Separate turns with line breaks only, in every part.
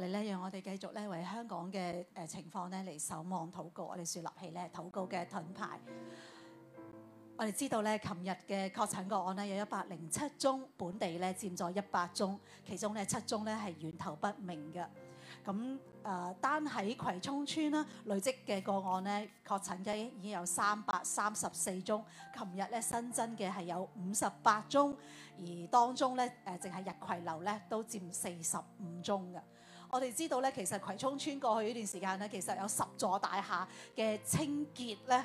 嚟咧，讓我哋繼續咧為香港嘅誒情況咧嚟守望禱告。我哋樹立起咧禱告嘅盾牌。我哋知道咧，琴日嘅確診個案咧有一百零七宗本地咧佔咗一百宗，其中咧七宗咧係源頭不明嘅。咁、呃、誒，單喺葵涌村啦，累積嘅個案咧確診嘅已經有三百三十四宗，琴日咧新增嘅係有五十八宗，而當中咧誒淨係逸葵樓咧都佔四十五宗嘅。我哋知道咧，其實葵涌村過去呢段時間咧，其實有十座大廈嘅清潔咧，誒、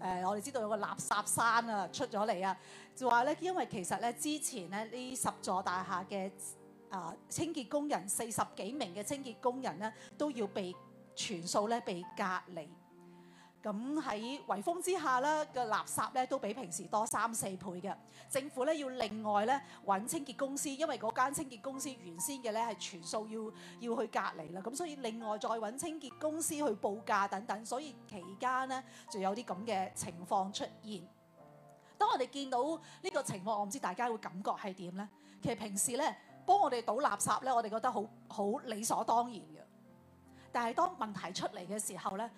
呃，我哋知道有個垃圾山啊出咗嚟啊，就話咧，因為其實咧之前咧呢十座大廈嘅啊清潔工人四十幾名嘅清潔工人咧，都要被全數咧被隔離。咁喺圍封之下咧，嘅垃圾咧都比平時多三四倍嘅。政府咧要另外咧揾清潔公司，因為嗰間清潔公司原先嘅咧係全數要要去隔離啦。咁所以另外再揾清潔公司去報價等等，所以期間咧就有啲咁嘅情況出現。當我哋見到呢個情況，我唔知大家會感覺係點咧？其實平時咧幫我哋倒垃圾咧，我哋覺得好好理所當然嘅。但係當問題出嚟嘅時候咧，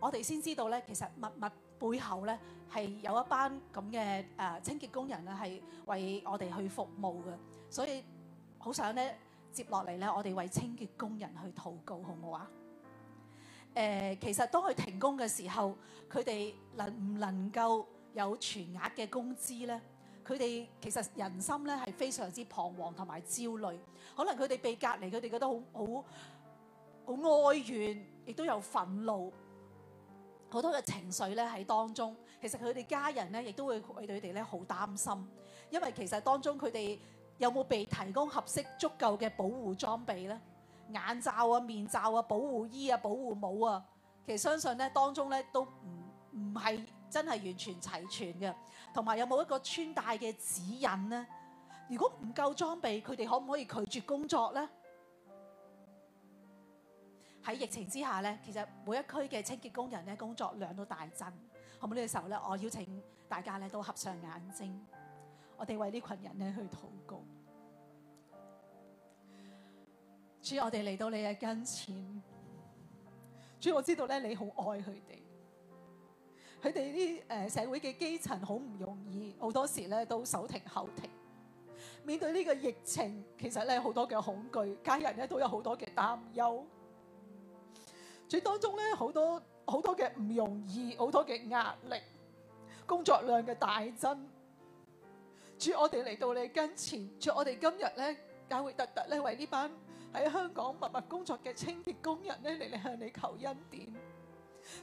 我哋先知道咧，其實默默背後咧係有一班咁嘅誒清潔工人啊，係為我哋去服務嘅。所以好想咧接落嚟咧，我哋為清潔工人去禱告，好唔好啊？誒，其實當佢停工嘅時候，佢哋能唔能夠有全額嘅工資咧？佢哋其實人心咧係非常之彷徨同埋焦慮，可能佢哋被隔離，佢哋覺得好好好哀怨，亦都有憤怒。好多嘅情緒咧喺當中，其實佢哋家人咧亦都會為佢哋咧好擔心，因為其實當中佢哋有冇被提供合適足夠嘅保護裝備咧？眼罩啊、面罩啊、保護衣啊、保護帽啊，其實相信咧當中咧都唔唔係真係完全齊全嘅，同埋有冇一個穿戴嘅指引咧？如果唔夠裝備，佢哋可唔可以拒絕工作咧？喺疫情之下咧，其實每一區嘅清潔工人咧工作量都大增。咁呢個時候咧，我邀請大家咧都合上眼睛，我哋為呢群人咧去禱告。主，要我哋嚟到你嘅跟前。主，要我知道咧你好愛佢哋，佢哋呢誒社會嘅基層好唔容易，好多時咧都手停口停。面對呢個疫情，其實咧好多嘅恐懼，家人咧都有好多嘅擔憂。主，當中咧，好多好多嘅唔容易，好多嘅壓力，工作量嘅大增。主，我哋嚟到你跟前，主，我哋今日咧，教會特特咧為呢班喺香港默默工作嘅清潔工人咧嚟嚟向你求恩典。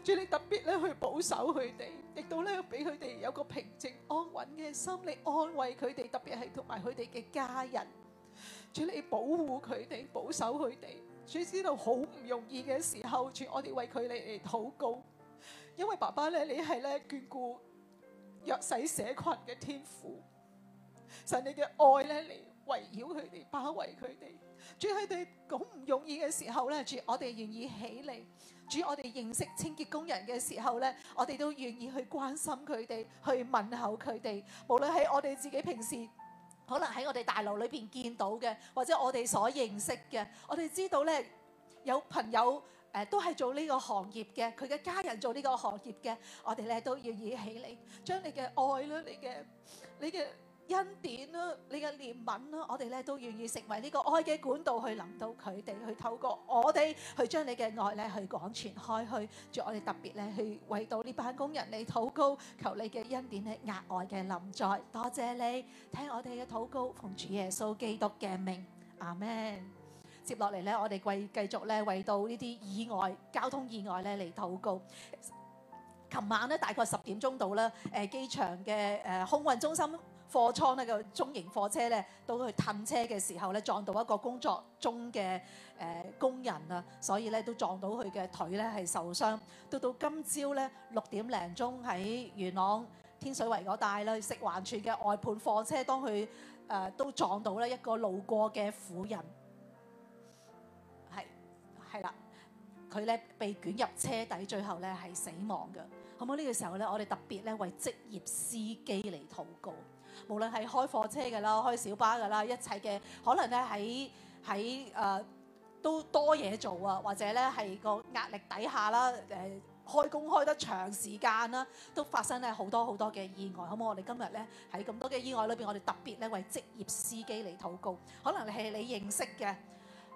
主，你特別咧去保守佢哋，亦都咧俾佢哋有個平靜安穩嘅心，你安慰佢哋，特別係同埋佢哋嘅家人。主，你保護佢哋，保守佢哋。主知道好唔容易嘅時候，主我哋為佢哋嚟禱告，因為爸爸咧，你係咧眷顧弱勢社群嘅天父，神你嘅愛咧嚟圍繞佢哋包圍佢哋，主喺佢哋咁唔容易嘅時候咧，主我哋願意起嚟，主我哋認識清潔工人嘅時候咧，我哋都願意去關心佢哋，去問候佢哋，無論喺我哋自己平時。可能喺我哋大樓裏邊見到嘅，或者我哋所認識嘅，我哋知道咧，有朋友誒、呃、都係做呢個行業嘅，佢嘅家人做呢個行業嘅，我哋咧都要豎起將你，將你嘅愛啦，你嘅，你嘅，恩典啦，你嘅憐憫啦，我哋咧都願意成為呢個愛嘅管道，去臨到佢哋，去透過我哋去將你嘅愛咧去廣傳開去。主，我哋特別咧去為到呢班工人嚟禱告，求你嘅恩典咧，額外嘅臨在，多謝你。聽我哋嘅禱告，奉主耶穌基督嘅名，阿門。接落嚟咧，我哋繼繼續咧為到呢啲意外、交通意外咧嚟禱告。琴晚咧大概十點鐘到啦，誒機場嘅誒空運中心。貨倉，呢個中型貨車咧到佢褪車嘅時候咧撞到一個工作中嘅誒工人啊，所以咧都撞到佢嘅腿咧係受傷。到到今朝咧六點零鐘喺元朗天水圍嗰帶咧，食環處嘅外判貨車當佢誒都撞到咧一個路過嘅婦人，係係啦，佢咧被捲入車底，最後咧係死亡嘅。好冇？呢個時候咧，我哋特別咧為職業司機嚟禱告。無論係開貨車嘅啦，開小巴嘅啦，一切嘅可能咧喺喺誒都多嘢做啊，或者咧係個壓力底下啦，誒、呃、開工開得長時間啦，都發生咧好多好多嘅意外。好冇？我哋今日咧喺咁多嘅意外裏邊，我哋特別咧為職業司機嚟禱告，可能係你認識嘅誒。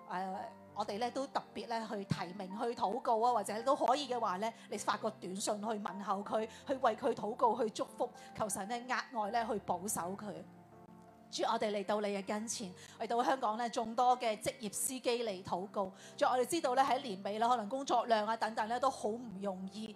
呃我哋咧都特別咧去提名去禱告啊，或者都可以嘅話咧，你發個短信去問候佢，去為佢禱告，去祝福，求神咧額外咧去保守佢。主，我哋嚟到你嘅跟前，嚟到香港咧眾多嘅職業司機嚟禱告。主，我哋知道咧喺年尾啦，可能工作量啊等等咧都好唔容易。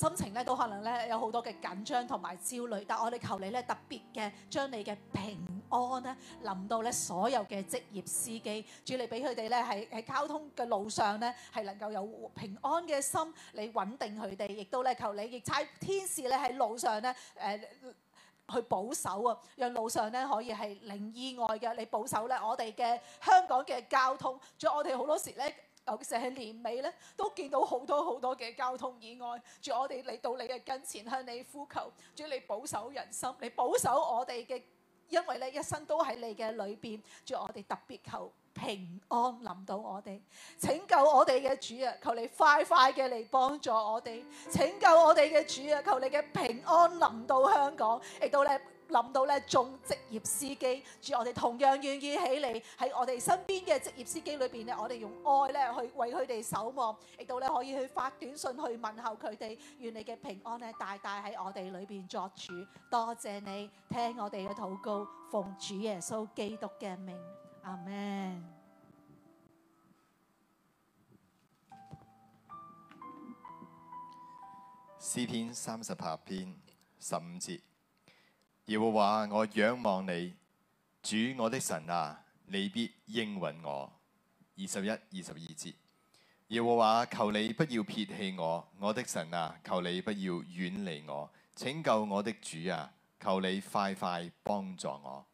心情咧都可能咧有好多嘅緊張同埋焦慮，但係我哋求你咧特別嘅將你嘅平安咧臨到咧所有嘅職業司機，主你俾佢哋咧喺喺交通嘅路上咧係能夠有平安嘅心，你穩定佢哋，亦都咧求你亦差天使咧喺路上咧誒去保守啊，讓路上咧可以係零意外嘅，你保守咧我哋嘅香港嘅交通，仲我哋好多時咧。尤其是喺年尾咧，都見到好多好多嘅交通意外。主，我哋嚟到你嘅跟前，向你呼求，主你保守人心，你保守我哋嘅，因為你一生都喺你嘅裏邊。主，我哋特別求平安臨到我哋，拯救我哋嘅主啊，求你快快嘅嚟幫助我哋，拯救我哋嘅主啊，求你嘅平安臨到香港，亦都咧。諗到咧，眾職業司機，主，我哋同樣願意起嚟，喺我哋身邊嘅職業司機裏邊呢，我哋用愛咧去為佢哋守望，亦都咧可以去發短信去問候佢哋，願你嘅平安咧大大喺我哋裏邊作主。多謝你聽我哋嘅禱告，奉主耶穌基督嘅名。阿門。
詩篇三十八篇十五節。耶和華，我仰望你，主我的神啊，你必應允我。二十一、二十二節，耶和華，求你不要撇棄我，我的神啊，求你不要遠離我，拯救我的主啊，求你快快幫助我。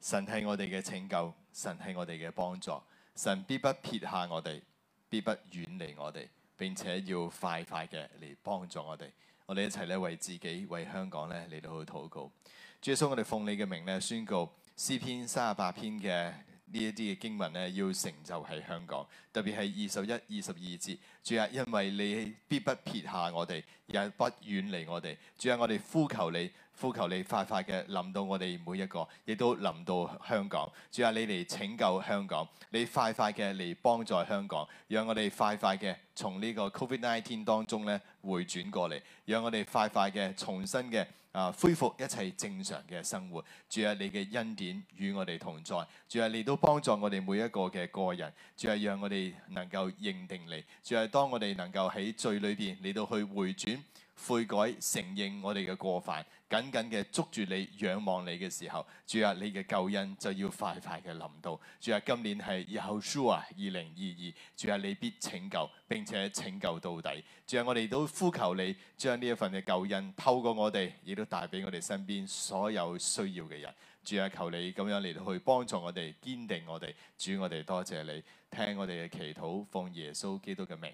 神係我哋嘅拯救，神係我哋嘅幫助，神必不撇下我哋，必不遠離我哋，並且要快快嘅嚟幫助我哋。我哋一齊咧為自己、為香港咧嚟到去禱告。主耶穌，我哋奉你嘅名呢，宣告詩篇三十八篇嘅呢一啲嘅經文呢，要成就喺香港，特別係二十一、二十二節。主啊，因為你必不撇下我哋，也不遠離我哋。主啊，我哋呼求你，呼求你快快嘅臨到我哋每一個，亦都臨到香港。主啊，你嚟拯救香港，你快快嘅嚟幫助香港，讓我哋快快嘅從呢個 Covid nineteen 當中咧回轉過嚟，讓我哋快快嘅重新嘅啊恢復一切正常嘅生活。主啊，你嘅恩典與我哋同在。主啊，你都幫助我哋每一個嘅個人。主啊，讓我哋能夠認定你。主當我哋能夠喺罪裏邊，嚟到去回轉。悔改、承認我哋嘅過犯，緊緊嘅捉住你，仰望你嘅時候，主啊，你嘅救恩就要快快嘅臨到。主啊，今年係 Year t 二零二二。2022, 主啊，你必拯救並且拯救到底。主啊，我哋都呼求你將呢一份嘅救恩透過我哋，亦都帶俾我哋身邊所有需要嘅人。主啊，求你咁樣嚟到去幫助我哋，堅定我哋。主啊，我哋多謝你聽我哋嘅祈禱，奉耶穌基督嘅名，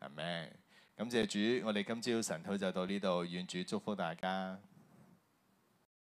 阿門。感謝主，我哋今朝神禱就到呢度，願主祝福大家。